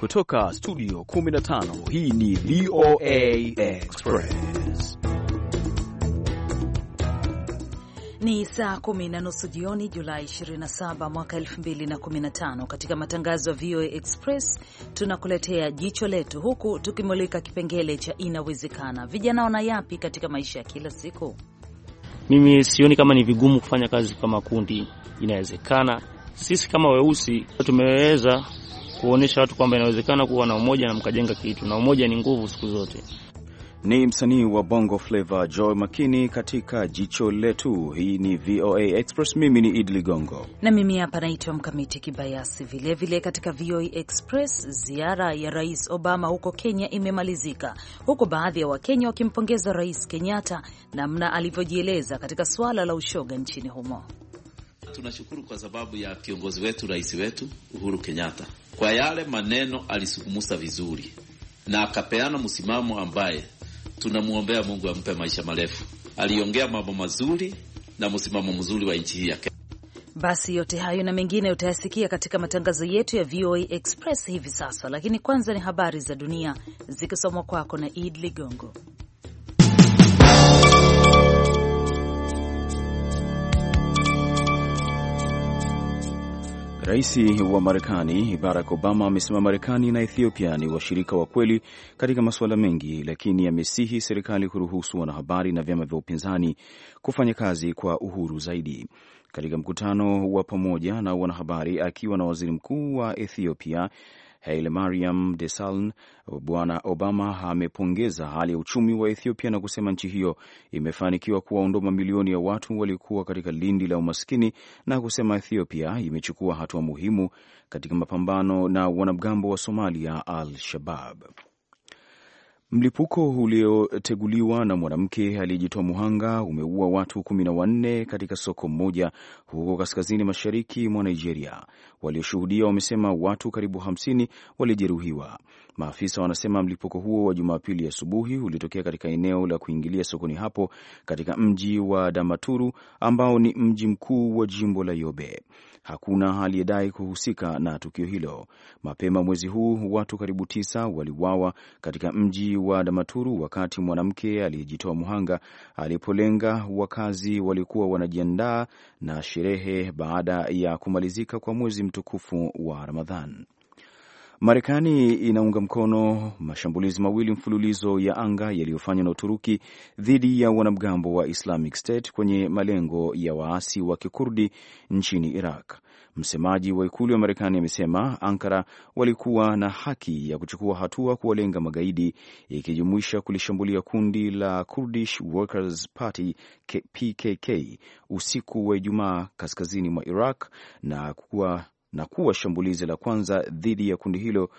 Kutoka studio 15 hii ni VOA Express. Ni saa kumi na nusu jioni Julai 27 mwaka 2015. Katika matangazo ya VOA Express tunakuletea jicho letu, huku tukimulika kipengele cha inawezekana. Vijana wana yapi katika maisha ya kila siku? Mimi sioni kama ni vigumu kufanya kazi kwa makundi inawezekana sisi kama weusi tumeweza kuonyesha watu kwamba inawezekana kuwa na umoja na mkajenga kitu, na umoja ni nguvu siku zote. Ni msanii wa Bongo Flava Joy Makini katika Jicho Letu. Hii ni VOA Express, mimi ni Idi Ligongo na mimi hapa naitwa Mkamiti Kibayasi. Vilevile katika VOA Express, ziara ya Rais Obama huko Kenya imemalizika, huku baadhi ya Wakenya wakimpongeza Rais Kenyatta namna alivyojieleza katika suala la ushoga nchini humo tunashukuru kwa sababu ya kiongozi wetu, rais wetu Uhuru Kenyatta, kwa yale maneno alisukumusa vizuri na akapeana msimamo ambaye tunamwombea Mungu ampe maisha marefu. Aliongea mambo mazuri na msimamo mzuri wa nchi hii ya Kenya. Basi yote hayo na mengine utayasikia katika matangazo yetu ya VOA Express hivi sasa, lakini kwanza ni habari za dunia zikisomwa kwako na Id Ligongo. Rais wa Marekani Barack Obama amesema Marekani na Ethiopia ni washirika wa kweli katika masuala mengi, lakini amesihi serikali kuruhusu wanahabari na vyama vya upinzani kufanya kazi kwa uhuru zaidi. Katika mkutano wa pamoja na wanahabari akiwa na waziri mkuu wa Ethiopia de Desalegn, Bwana Obama amepongeza hali ya uchumi wa Ethiopia na kusema nchi hiyo imefanikiwa kuwaondoa mamilioni ya watu waliokuwa katika lindi la umaskini na kusema Ethiopia imechukua hatua muhimu katika mapambano na wanamgambo wa Somalia Al Shabab. Mlipuko ulioteguliwa na mwanamke aliyejitoa muhanga umeua watu kumi na wanne katika soko mmoja huko kaskazini mashariki mwa Nigeria. Walioshuhudia wamesema watu karibu hamsini walijeruhiwa. Maafisa wanasema mlipuko huo wa Jumapili asubuhi ulitokea katika eneo la kuingilia sokoni hapo katika mji wa Damaturu ambao ni mji mkuu wa jimbo la Yobe. Hakuna aliyedai kuhusika na tukio hilo. Mapema mwezi huu watu karibu tisa waliuawa katika mji wa Damaturu wakati mwanamke aliyejitoa muhanga alipolenga wakazi waliokuwa wanajiandaa na sherehe baada ya kumalizika kwa mwezi mtukufu wa Ramadhan. Marekani inaunga mkono mashambulizi mawili mfululizo ya anga yaliyofanywa na Uturuki dhidi ya wanamgambo wa Islamic State kwenye malengo ya waasi wa kikurdi nchini Iraq. Msemaji wa ikulu ya Marekani amesema Ankara walikuwa na haki ya kuchukua hatua kuwalenga magaidi, ikijumuisha kulishambulia kundi la Kurdish Workers Party PKK usiku wa Ijumaa kaskazini mwa Iraq na kuwa na kuwa shambulizi la kwanza dhidi ya kundi hilo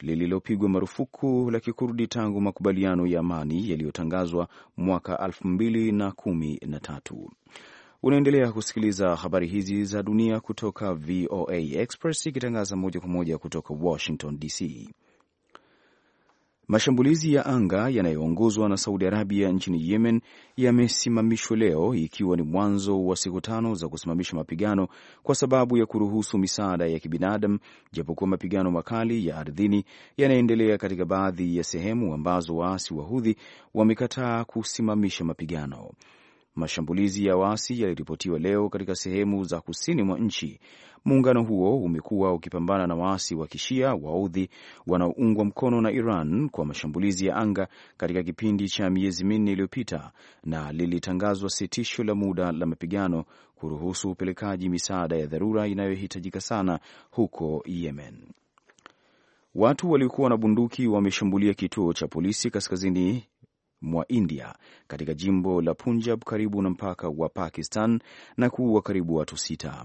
lililopigwa marufuku la kikurdi tangu makubaliano ya amani yaliyotangazwa mwaka 21 Unaendelea kusikiliza habari hizi za dunia kutoka VOA Express ikitangaza moja kwa moja kutoka Washington DC. Mashambulizi ya anga yanayoongozwa na Saudi Arabia nchini Yemen yamesimamishwa leo ikiwa ni mwanzo wa siku tano za kusimamisha mapigano kwa sababu ya kuruhusu misaada ya kibinadamu, japokuwa mapigano makali ya ardhini yanaendelea katika baadhi ya sehemu ambazo waasi wa Hudhi wamekataa kusimamisha mapigano. Mashambulizi ya waasi yaliripotiwa leo katika sehemu za kusini mwa nchi. Muungano huo umekuwa ukipambana na waasi wa kishia waudhi wanaoungwa mkono na Iran kwa mashambulizi ya anga katika kipindi cha miezi minne iliyopita, na lilitangazwa sitisho la muda la mapigano kuruhusu upelekaji misaada ya dharura inayohitajika sana huko Yemen. Watu waliokuwa na bunduki wameshambulia kituo cha polisi kaskazini mwa India katika jimbo la Punjab karibu na mpaka wa Pakistan na kuua karibu watu sita.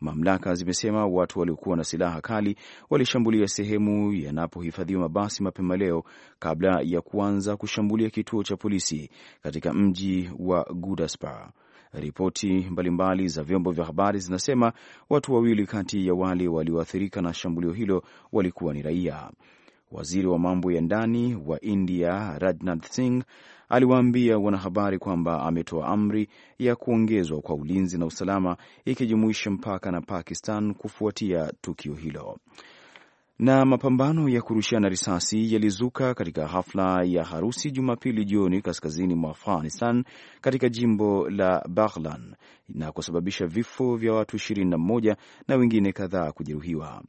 Mamlaka zimesema watu waliokuwa na silaha kali walishambulia sehemu yanapohifadhiwa mabasi mapema leo kabla ya kuanza kushambulia kituo cha polisi katika mji wa Gurdaspur. Ripoti mbalimbali za vyombo vya habari zinasema watu wawili kati ya wale walioathirika na shambulio hilo walikuwa ni raia. Waziri wa mambo ya ndani wa India Rajnath Singh aliwaambia wanahabari kwamba ametoa amri ya kuongezwa kwa ulinzi na usalama ikijumuisha mpaka na Pakistan kufuatia tukio hilo. Na mapambano ya kurushiana risasi yalizuka katika hafla ya harusi Jumapili jioni kaskazini mwa Afghanistan katika jimbo la Baghlan na kusababisha vifo vya watu 21 na wengine kadhaa kujeruhiwa.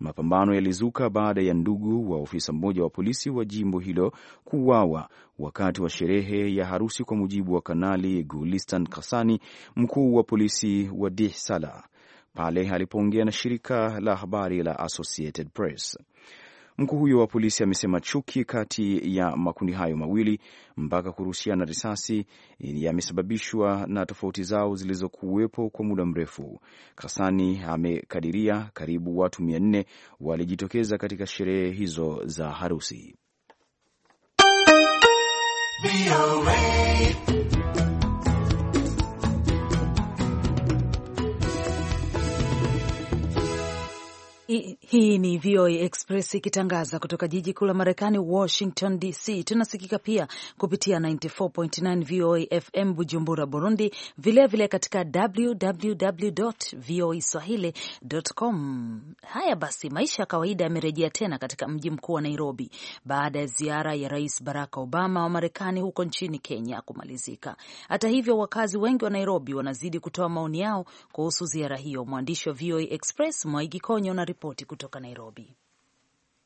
Mapambano yalizuka baada ya ndugu wa ofisa mmoja wa polisi wa jimbo hilo kuuawa wakati wa sherehe ya harusi, kwa mujibu wa Kanali Gulistan Kasani, mkuu wa polisi wa Dihsala, pale alipoongea na shirika la habari la Associated Press. Mkuu huyo wa polisi amesema chuki kati ya makundi hayo mawili mpaka kurushiana risasi yamesababishwa na tofauti zao zilizokuwepo kwa muda mrefu. Kasani amekadiria karibu watu mia nne walijitokeza katika sherehe hizo za harusi. Hii ni VOA Express ikitangaza kutoka jiji kuu la Marekani, Washington DC. Tunasikika pia kupitia 94.9 VOA FM Bujumbura, Burundi, vilevile vile katika www voa swahili.com. Haya basi, maisha ya kawaida yamerejea tena katika mji mkuu wa Nairobi baada ya ziara ya Rais Barack Obama wa Marekani huko nchini Kenya kumalizika. Hata hivyo, wakazi wengi wa Nairobi wanazidi kutoa maoni yao kuhusu ziara hiyo. Mwandishi wa VOA Express Mwaigi Konyo na ripoti kutoka Nairobi.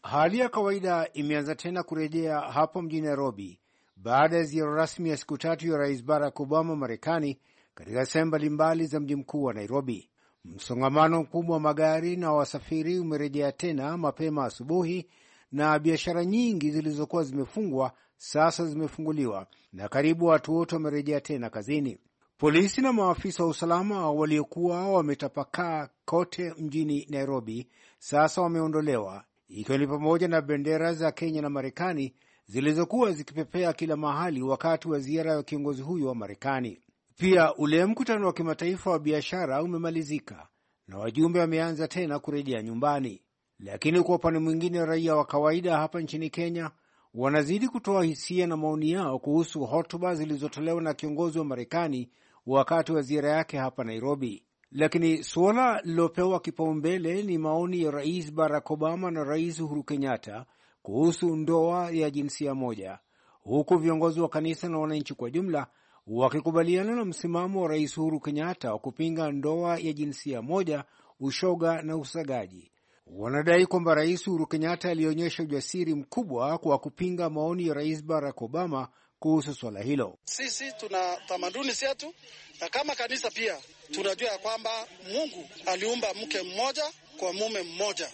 Hali ya kawaida imeanza tena kurejea hapo mjini Nairobi baada ya ziara rasmi ya siku tatu ya Rais Barack Obama Marekani katika sehemu mbalimbali za mji mkuu wa Nairobi. Msongamano mkubwa wa magari na wasafiri umerejea tena mapema asubuhi, na biashara nyingi zilizokuwa zimefungwa sasa zimefunguliwa na karibu watu wote wamerejea tena kazini. Polisi na maafisa wa usalama waliokuwa wametapakaa kote mjini Nairobi sasa wameondolewa, ikiwa ni pamoja na bendera za Kenya na Marekani zilizokuwa zikipepea kila mahali wakati wa ziara ya kiongozi huyo wa Marekani. Pia ule mkutano wa kimataifa wa biashara umemalizika na wajumbe wameanza tena kurejea nyumbani, lakini kwa upande mwingine, raia wa kawaida hapa nchini Kenya wanazidi kutoa hisia na maoni yao kuhusu hotuba zilizotolewa na kiongozi wa Marekani wakati wa ziara yake hapa Nairobi. Lakini suala lililopewa kipaumbele ni maoni ya Rais Barack Obama na Rais Uhuru Kenyatta kuhusu ndoa ya jinsia moja, huku viongozi wa kanisa na wananchi kwa jumla wakikubaliana na msimamo wa Rais Uhuru Kenyatta wa kupinga ndoa ya jinsia moja, ushoga na usagaji. Wanadai kwamba Rais Uhuru Kenyatta alionyesha ujasiri mkubwa kwa kupinga maoni ya Rais Barack Obama kuhusu swala hilo. Sisi tuna tamaduni zetu, na kama kanisa pia tunajua ya kwamba Mungu aliumba mke mmoja kwa mume mmoja.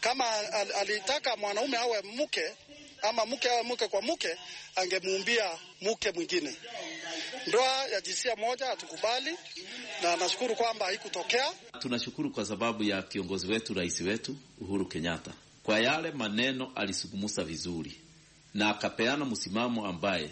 Kama alitaka mwanaume awe mke ama mke awe mke kwa mke, angemuumbia mke mwingine. Ndoa ya jinsia moja hatukubali, na nashukuru kwamba haikutokea. Tunashukuru kwa sababu ya kiongozi wetu, rais wetu Uhuru Kenyatta, kwa yale maneno alisugumusa vizuri na akapeana msimamo ambaye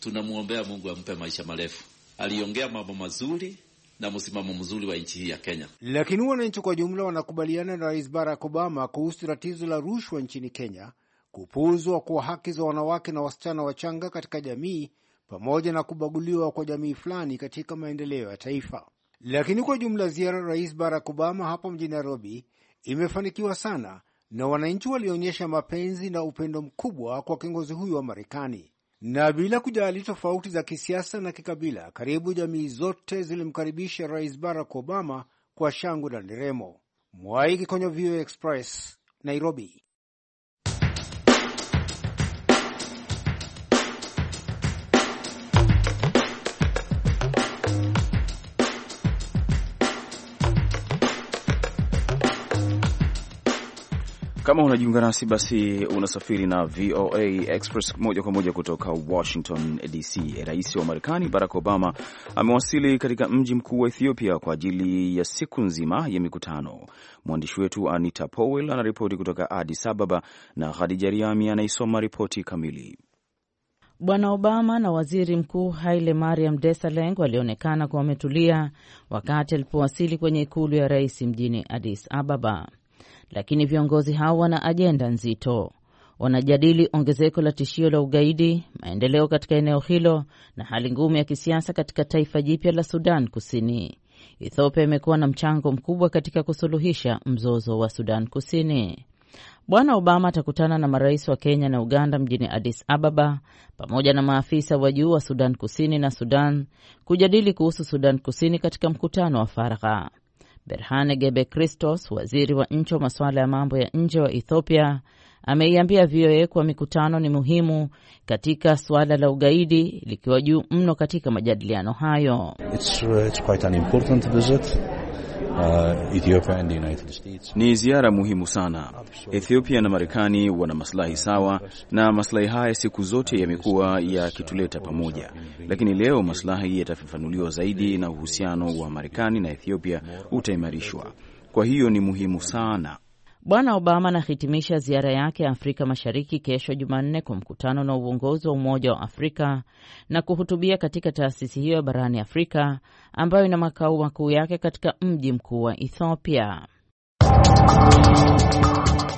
tunamwombea Mungu ampe maisha marefu. Aliongea mambo mazuri na msimamo mzuri wa nchi hii ya Kenya. Lakini wananchi kwa jumla wanakubaliana na Rais Barack Obama kuhusu tatizo la rushwa nchini Kenya, kupuuzwa kwa haki za wanawake na wasichana wachanga katika jamii, pamoja na kubaguliwa kwa jamii fulani katika maendeleo ya taifa. Lakini kwa jumla ziara Rais Barack Obama hapo mjini Nairobi imefanikiwa sana na wananchi walionyesha mapenzi na upendo mkubwa kwa kiongozi huyo wa Marekani, na bila kujali tofauti za kisiasa na kikabila, karibu jamii zote zilimkaribisha Rais Barack Obama kwa shangwe na nderemo. Mwaiki kwenye VOA Express, Nairobi. Kama unajiunga nasi basi, unasafiri na VOA Express moja kwa moja kutoka Washington DC. Rais wa Marekani Barack Obama amewasili katika mji mkuu wa Ethiopia kwa ajili ya siku nzima ya mikutano. Mwandishi wetu Anita Powell anaripoti kutoka Addis Ababa na Khadija Riami anaisoma ripoti kamili. Bwana Obama na waziri mkuu Haile Mariam Desalegn walionekana kuwa wametulia wakati alipowasili kwenye ikulu ya rais mjini Addis Ababa lakini viongozi hao wana ajenda nzito. Wanajadili ongezeko la tishio la ugaidi, maendeleo katika eneo hilo na hali ngumu ya kisiasa katika taifa jipya la Sudan Kusini. Ethiopia imekuwa na mchango mkubwa katika kusuluhisha mzozo wa Sudan Kusini. Bwana Obama atakutana na marais wa Kenya na Uganda mjini Addis Ababa pamoja na maafisa wa juu wa Sudan Kusini na Sudan kujadili kuhusu Sudan Kusini katika mkutano wa faragha. Berhane Gebe Christos, waziri wa nchi wa masuala ya mambo ya nje wa Ethiopia, ameiambia VOA kuwa mikutano ni muhimu katika suala la ugaidi likiwa juu mno katika majadiliano hayo. It's, uh, it's quite an Uh, Ethiopia and the United States. Ni ziara muhimu sana. Ethiopia na Marekani wana maslahi sawa, na maslahi haya siku zote yamekuwa yakituleta pamoja, lakini leo maslahi yatafafanuliwa zaidi na uhusiano wa Marekani na Ethiopia utaimarishwa. Kwa hiyo ni muhimu sana Bwana Obama anahitimisha ziara yake ya Afrika Mashariki kesho Jumanne kwa mkutano na uongozi wa Umoja wa Afrika na kuhutubia katika taasisi hiyo ya barani Afrika ambayo ina makao makuu yake katika mji mkuu wa Ethiopia.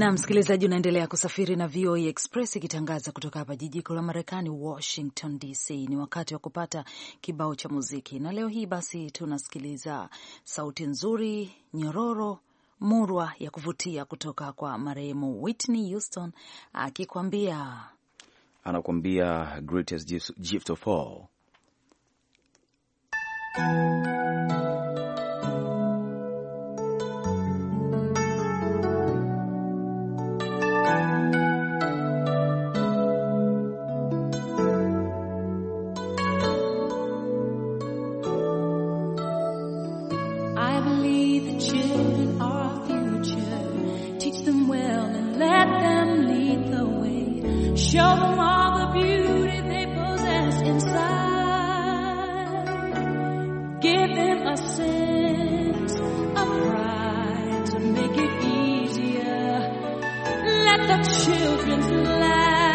na msikilizaji, unaendelea kusafiri na VOA e Express ikitangaza kutoka hapa jiji kuu la Marekani, Washington DC. Ni wakati wa kupata kibao cha muziki, na leo hii basi tunasikiliza sauti nzuri, nyororo, murwa ya kuvutia kutoka kwa marehemu Whitney Houston akikwambia, anakuambia greatest gift of all I believe the children are our future. Teach them well and let them lead the way. Show them all the beauty they possess inside. Give them a sense of pride to make it easier. Let the children's laugh.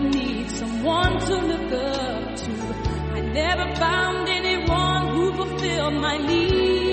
need someone to look up to. I never found anyone who fulfilled my need.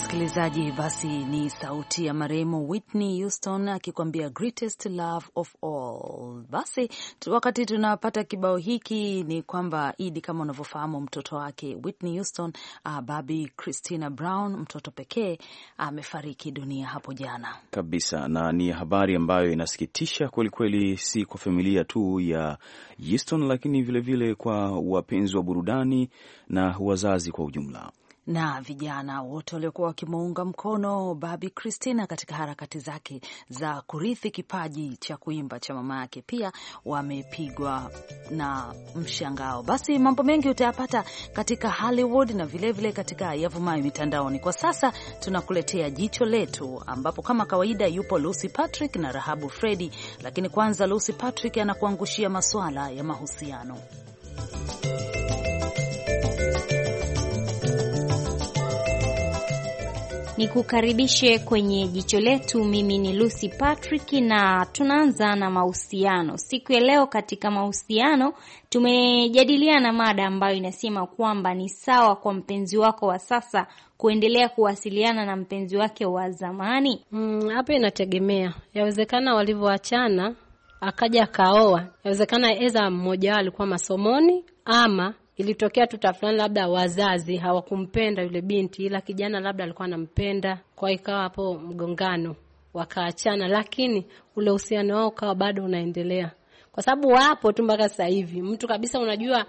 msikilizaji, basi ni sauti ya marehemu Whitney Houston akikwambia greatest love of all. Basi wakati tunapata kibao hiki, ni kwamba Idi, kama unavyofahamu, mtoto wake Whitney Houston uh, babi Christina Brown, mtoto pekee amefariki uh, dunia hapo jana kabisa, na ni habari ambayo inasikitisha kwelikweli, si kwa familia tu ya Houston, lakini vilevile vile kwa wapenzi wa burudani na wazazi kwa ujumla na vijana wote waliokuwa wakimuunga mkono Babi Christina katika harakati zake za kurithi kipaji cha kuimba cha mama yake, pia wamepigwa na mshangao. Basi mambo mengi utayapata katika Hollywood na vilevile vile katika yavumayo mitandaoni. Kwa sasa tunakuletea jicho letu, ambapo kama kawaida yupo Lucy Patrick na Rahabu Fredi, lakini kwanza Lucy Patrick anakuangushia masuala ya mahusiano. ni kukaribishe kwenye jicho letu. Mimi ni Lucy Patrick na tunaanza na mahusiano. Siku ya leo katika mahusiano tumejadiliana mada ambayo inasema kwamba ni sawa kwa mpenzi wako wa sasa kuendelea kuwasiliana na mpenzi wake wa zamani. Mm, hapa mm, inategemea, yawezekana walivyoachana akaja akaoa, yawezekana eza mmoja wao alikuwa masomoni ama ilitokea tu tafulani, labda wazazi hawakumpenda yule binti, ila kijana labda alikuwa anampenda, kwa ikawa hapo mgongano, wakaachana, lakini ule uhusiano wao ukawa bado unaendelea, kwa sababu wapo tu mpaka sasa hivi. Mtu kabisa unajua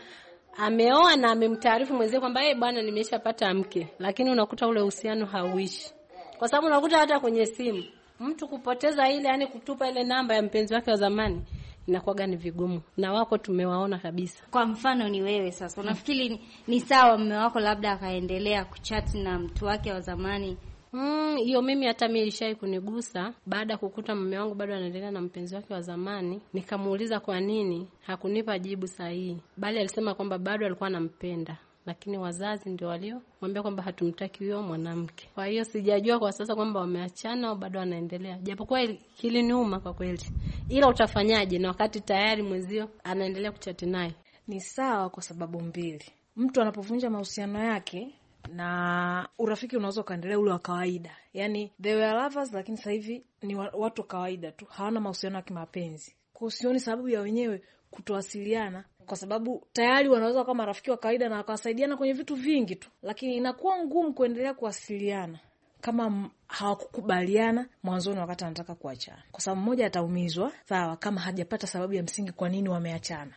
ameoa na amemtaarifu mwenzie kwamba eh, bwana, nimeshapata mke, lakini unakuta ule uhusiano hauishi, kwa sababu unakuta hata kwenye simu mtu kupoteza ile, yani kutupa ile namba ya mpenzi wake wa zamani inakuwaga ni vigumu, na wako tumewaona kabisa. Kwa mfano ni wewe sasa, unafikiri ni, ni sawa mume wako labda akaendelea kuchati na mtu wake wa zamani? Mm, hiyo mm, mimi hata mi ilishai kunigusa baada ya kukuta mume wangu bado anaendelea na mpenzi wake wa zamani. Nikamuuliza kwa nini, hakunipa jibu sahihi, bali alisema kwamba bado alikuwa anampenda lakini wazazi ndio waliomwambia kwamba hatumtaki huyo mwanamke. Kwa hiyo sijajua kwa sasa kwamba wameachana au bado wanaendelea, japokuwa kiliniuma kwa kweli, ila utafanyaje na wakati tayari mwenzio anaendelea kuchati naye? Ni sawa kwa sababu mbili, mtu anapovunja mahusiano yake na urafiki unaweza ukaendelea ule wa kawaida, yani they were lovers, lakini sasa hivi ni watu wa kawaida tu, hawana mahusiano ya kimapenzi. Kwa hiyo sioni sababu ya wenyewe kutowasiliana kwa sababu tayari wanaweza wakawa marafiki wa kawaida na wakawasaidiana kwenye vitu vingi tu, lakini inakuwa ngumu kuendelea kuwasiliana kama hawakukubaliana mwanzoni wakati anataka kuachana, kwa sababu mmoja ataumizwa, sawa, kama hajapata sababu ya msingi kwa nini wameachana.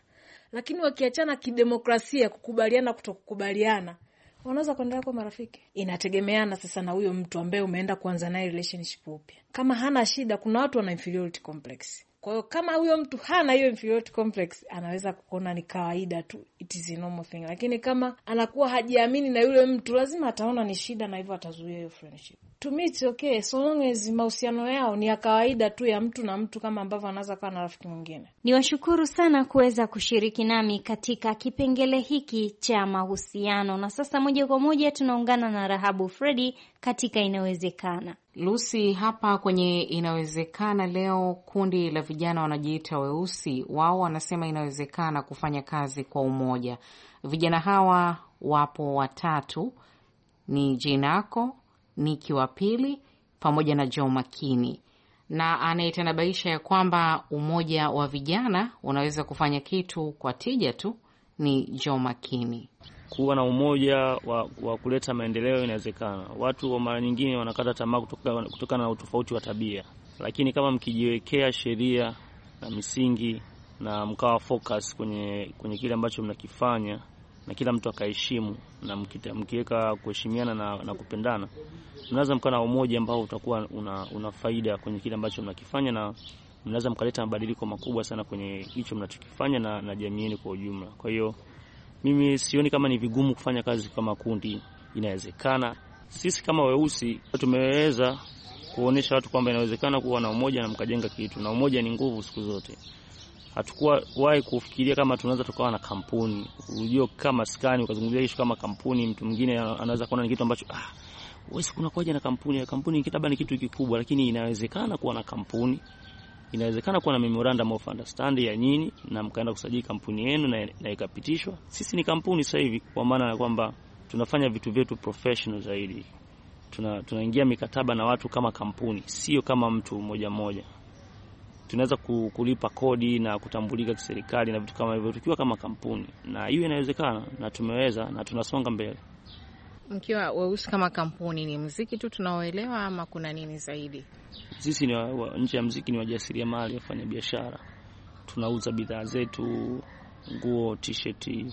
Lakini wakiachana kidemokrasia, kukubaliana kutokukubaliana, wanaweza kuendelea kuwa marafiki. Inategemeana sasa na huyo mtu ambaye umeenda kuanza naye relationship upya. Kama hana shida, kuna watu wana inferiority complex kwa hiyo kama huyo mtu hana hiyo inferiority complex, anaweza kuona ni kawaida tu, it is a normal thing, lakini kama anakuwa hajiamini na yule mtu, lazima ataona ni shida, na hivyo atazuia hiyo friendship. To me it's okay so long as mahusiano yao ni ya kawaida tu ya mtu na mtu, kama ambavyo anaweza kuwa na rafiki mwingine. Ni washukuru sana kuweza kushiriki nami katika kipengele hiki cha mahusiano, na sasa moja kwa moja tunaungana na Rahabu Fredi katika Inawezekana. Lucy, hapa kwenye Inawezekana leo, kundi la vijana wanajiita weusi, wao wanasema inawezekana kufanya kazi kwa umoja. Vijana hawa wapo watatu, ni Jinako, Niki wa pili pamoja na Joe Makini, na anayetanabaisha ya kwamba umoja wa vijana unaweza kufanya kitu kwa tija tu ni Joe Makini kuwa na umoja wa, wa kuleta maendeleo inawezekana. Watu wa mara nyingine wanakata tamaa kutokana kutoka na utofauti wa tabia, lakini kama mkijiwekea sheria na misingi na mkawa focus kwenye, kwenye kile ambacho mnakifanya na kila mtu akaheshimu na mkiweka kuheshimiana na, na kupendana, mnaweza mkawa na umoja ambao utakuwa una, una faida kwenye kile ambacho mnakifanya na mnaweza mkaleta mabadiliko makubwa sana kwenye hicho mnachokifanya na, na jamii yenu kwa ujumla. Kwa hiyo mimi sioni kama ni vigumu kufanya kazi kama kundi, inawezekana. Sisi kama weusi tumeweza kuonesha watu kwamba inawezekana kuwa na umoja na mkajenga kitu, na umoja ni nguvu siku zote. Hatukuwa wahi kufikiria kama tunaweza tukawa na kampuni. Unajua, kama skani ukazungumzia issue kama kampuni, mtu mwingine anaweza kuona ni kitu ambacho ah, wewe kuna kuja na kampuni? ya Kampuni kitaba ni kitu kikubwa, lakini inawezekana kuwa na kampuni inawezekana kuwa na memorandum of understanding ya nyinyi na mkaenda kusajili kampuni yenu na, na ikapitishwa. Sisi ni kampuni sasa hivi, kwa maana ya kwamba tunafanya vitu vyetu professional zaidi. Tuna, tunaingia mikataba na watu kama kampuni, sio kama mtu mmoja mmoja. Tunaweza kulipa kodi na kutambulika kiserikali na vitu kama hivyo tukiwa kama kampuni, na hiyo inawezekana na tumeweza na tunasonga mbele. Mkiwa weusi kama kampuni, ni mziki tu tunaoelewa ama kuna nini zaidi? Sisi ni nje ya mziki, ni wajasiriamali, wafanya biashara. Tunauza bidhaa zetu, nguo, t-shirt,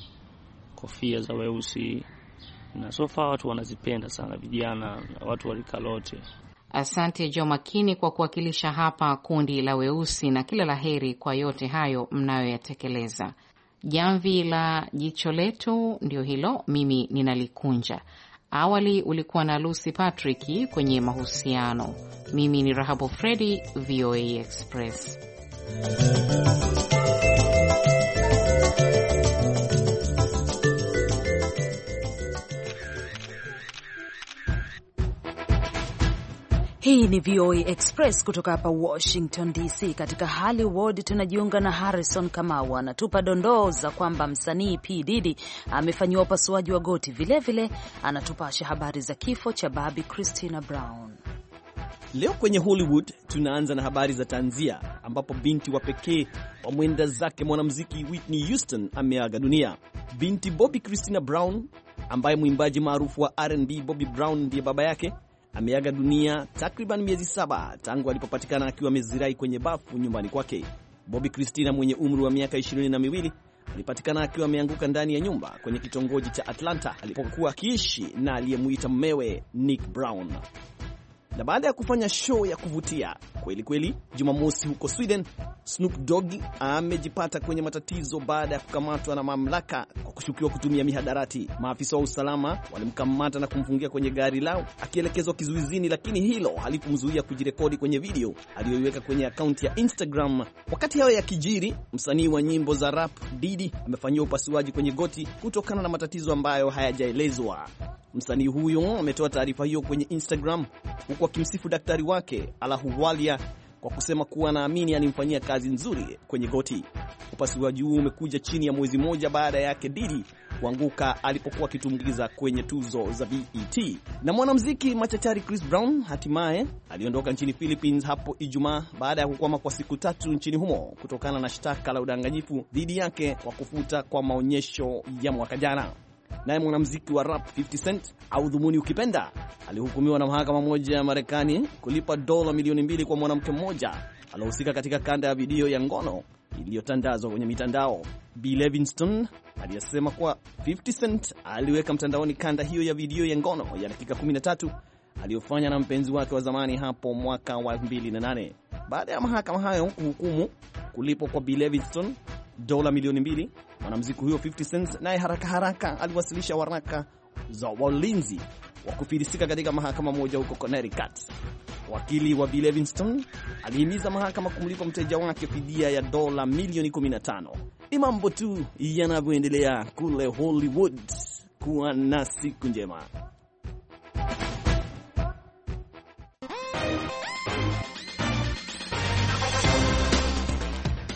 kofia za weusi, na sofa watu wanazipenda sana, vijana, watu wa rika lote. Asante Jo Makini kwa kuwakilisha hapa kundi la weusi, na kila laheri kwa yote hayo mnayoyatekeleza. Jamvi la jicho letu ndio hilo, mimi ninalikunja. Awali ulikuwa na Lucy Patrick kwenye mahusiano. Mimi ni Rahabu Fredi, VOA Express. Hii ni VOA Express kutoka hapa Washington DC. Katika Hollywood tunajiunga na Harrison Kamau, anatupa dondoo za kwamba msanii P Diddy amefanyiwa upasuaji wa goti. Vilevile anatupasha habari za kifo cha babi Christina Brown. Leo kwenye Hollywood tunaanza na habari za tanzia, ambapo binti wa pekee wa mwenda zake mwanamuziki Whitney Houston ameaga dunia. Binti Bobby Christina Brown ambaye mwimbaji maarufu wa R&B Bobby Brown ndiye baba yake ameaga dunia takriban miezi saba tangu alipopatikana akiwa amezirai kwenye bafu nyumbani kwake. bobi Christina mwenye umri wa miaka ishirini na miwili alipatikana akiwa ameanguka ndani ya nyumba kwenye kitongoji cha Atlanta alipokuwa akiishi na aliyemuita mmewe Nick Brown na baada ya kufanya show ya kuvutia kweli kweli Jumamosi huko Sweden, Snoop Dogg amejipata kwenye matatizo baada ya kukamatwa na mamlaka kwa kushukiwa kutumia mihadarati. Maafisa wa usalama walimkamata na kumfungia kwenye gari lao akielekezwa kizuizini, lakini hilo halikumzuia kujirekodi kwenye video aliyoiweka kwenye akaunti ya Instagram. Wakati hayo ya kijiri, msanii wa nyimbo za rap Didi amefanyiwa upasuaji kwenye goti kutokana na matatizo ambayo hayajaelezwa. Msanii huyo ametoa taarifa hiyo kwenye Instagram huku wakimsifu daktari wake Alahuwalia kwa kusema kuwa anaamini alimfanyia kazi nzuri kwenye goti. Upasuaji huu umekuja chini ya mwezi mmoja baada yake Didi kuanguka alipokuwa akitumgiza kwenye tuzo za BET. Na mwanamuziki machachari Chris Brown hatimaye aliondoka nchini Philippines hapo Ijumaa baada ya kukwama kwa siku tatu nchini humo kutokana na shtaka la udanganyifu dhidi yake kwa kufuta kwa maonyesho ya mwaka jana. Naye mwanamuziki wa rap 50 Cent au dhumuni ukipenda, alihukumiwa na mahakama moja ya Marekani kulipa dola milioni mbili kwa mwanamke mmoja aliohusika katika kanda ya video ya ngono iliyotandazwa kwenye mitandao. B Levingston aliyesema kuwa 50 Cent aliweka mtandaoni kanda hiyo ya video ya ngono ya dakika 13 aliyofanya na mpenzi wake wa zamani hapo mwaka wa 2008. Baada ya mahakama hayo kuhukumu kulipwa kwa B Levingston dola milioni mbili. Mwanamuziki huyo 50 Cent naye haraka haraka aliwasilisha waraka za walinzi wa kufilisika katika mahakama moja huko Connecticut. Wakili wa Bill Evanston alihimiza mahakama kumlipa mteja wake fidia ya dola milioni 15. Ni mambo tu yanavyoendelea kule Hollywood. Kuwa na siku njema.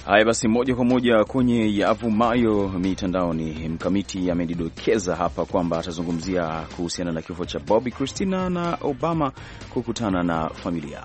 Haya basi, moja kwa moja kwenye yavumayo mitandaoni. Mkamiti amedidokeza hapa kwamba atazungumzia kuhusiana na kifo cha Bobby Christina na Obama kukutana na familia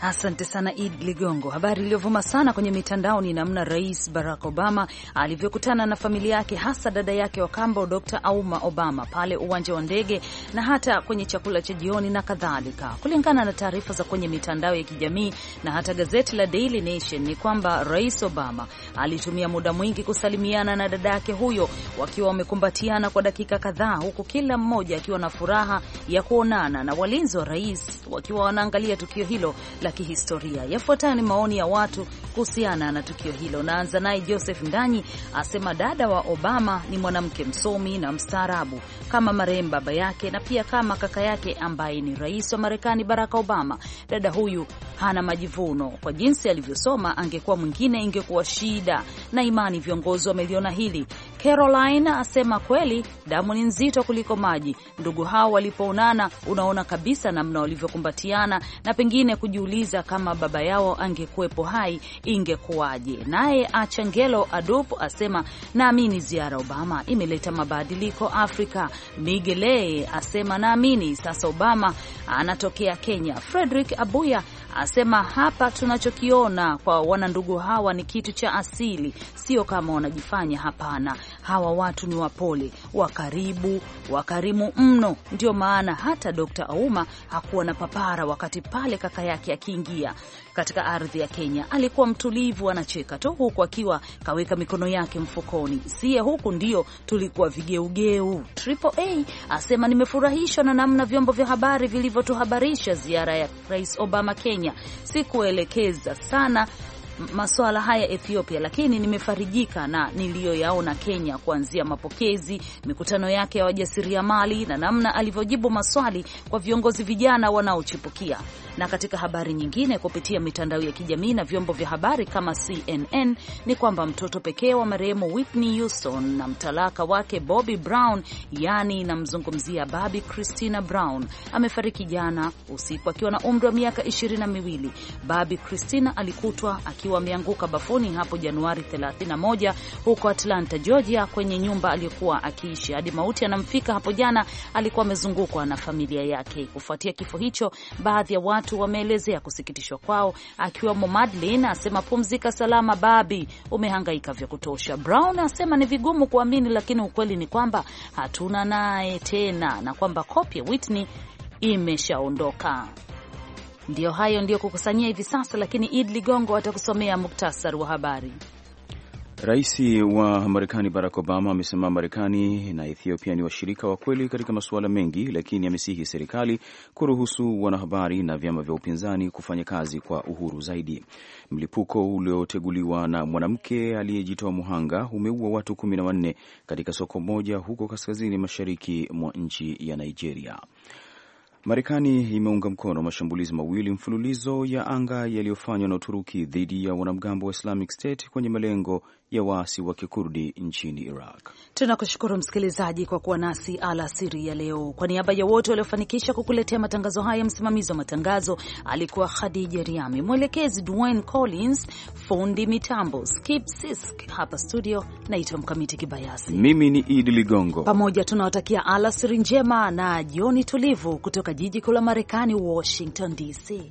Asante sana Id Ligongo. Habari iliyovuma sana kwenye mitandao ni namna Rais Barack Obama alivyokutana na familia yake, hasa dada yake wa kambo Dr Auma Obama pale uwanja wa ndege na hata kwenye chakula cha jioni na kadhalika. Kulingana na taarifa za kwenye mitandao ya kijamii na hata gazeti la Daily Nation ni kwamba Rais Obama alitumia muda mwingi kusalimiana na dada yake huyo, wakiwa wamekumbatiana kwa dakika kadhaa, huku kila mmoja akiwa na furaha ya kuonana na walinzi wa rais wakiwa wanaangalia tukio hilo la kihistoria. Yafuatayo ni maoni ya watu kuhusiana na tukio hilo. Naanza naye Joseph Ndanyi asema dada wa Obama ni mwanamke msomi na mstaarabu kama marehemu baba yake na pia kama kaka yake ambaye ni rais wa Marekani Barack Obama. Dada huyu hana majivuno kwa jinsi alivyosoma, angekuwa mwingine ingekuwa shida, na imani viongozi wameliona hili. Caroline asema kweli damu ni nzito kuliko maji. Ndugu hao walipoonana, unaona kabisa namna walivyokumbatiana, na pengine kujiuliza kama baba yao angekuwepo hai ingekuwaje. Naye Achangelo Adup asema naamini ziara Obama imeleta mabadiliko Afrika. Migele asema naamini sasa Obama anatokea Kenya. Frederick Abuya asema hapa tunachokiona kwa wanandugu hawa ni kitu cha asili, sio kama wanajifanya. Hapana, hawa watu ni wapole, wakaribu, wakarimu mno. Ndio maana hata Dr. Auma hakuwa na papara wakati pale kaka yake akiingia katika ardhi ya Kenya. Alikuwa mtulivu, anacheka tu, huku akiwa kaweka mikono yake mfukoni. Sie huku ndio tulikuwa vigeugeu. Triple A asema nimefurahishwa na namna vyombo vya habari vilivyotuhabarisha ziara ya Rais Obama Kenya. Sikuelekeza sana masuala haya Ethiopia, lakini nimefarijika na niliyoyaona Kenya, kuanzia mapokezi, mikutano yake ya wajasiriamali na namna alivyojibu maswali kwa viongozi vijana wanaochipukia. Na katika habari nyingine, kupitia mitandao ya kijamii na vyombo vya habari kama CNN ni kwamba mtoto pekee wa marehemu Whitney Houston na mtalaka wake Bobby Brown, yani namzungumzia Babi Christina Brown, amefariki jana usiku akiwa na umri wa miaka ishirini na miwili. Babi Christina alikutwa akiwa ameanguka bafuni hapo Januari 31 huko Atlanta, Georgia, kwenye nyumba aliyokuwa akiishi hadi mauti anamfika. Hapo jana alikuwa amezungukwa na familia yake. Kufuatia kifo hicho, baadhi ya watu wameelezea kusikitishwa kwao, akiwemo Madlin asema pumzika salama babi, umehangaika vya kutosha. Brown asema ni vigumu kuamini, lakini ukweli ni kwamba hatuna naye tena na kwamba kopi ya Whitney imeshaondoka. Ndiyo hayo ndiyo kukusanyia hivi sasa, lakini Id Ligongo atakusomea muktasari wa habari. Rais wa Marekani Barack Obama amesema Marekani na Ethiopia ni washirika wa kweli katika masuala mengi, lakini amesihi serikali kuruhusu wanahabari na vyama vya upinzani kufanya kazi kwa uhuru zaidi. Mlipuko ulioteguliwa na mwanamke aliyejitoa muhanga umeua watu kumi na wanne katika soko moja huko kaskazini mashariki mwa nchi ya Nigeria. Marekani imeunga mkono mashambulizi mawili mfululizo ya anga yaliyofanywa na Uturuki dhidi ya wanamgambo wa Islamic State kwenye malengo ya waasi wa kikurdi nchini Iraq. Tunakushukuru msikilizaji kwa kuwa nasi alasiri ya leo. Kwa niaba ya wote waliofanikisha kukuletea matangazo haya, msimamizi wa matangazo alikuwa Khadija Riami, mwelekezi Dwayne Collins, fundi mitambo Skip Sisk. Hapa studio naitwa Mkamiti Kibayasi, mimi ni Idi Ligongo. Pamoja tunawatakia alasiri njema na jioni tulivu kutoka jiji kuu la Marekani, Washington DC.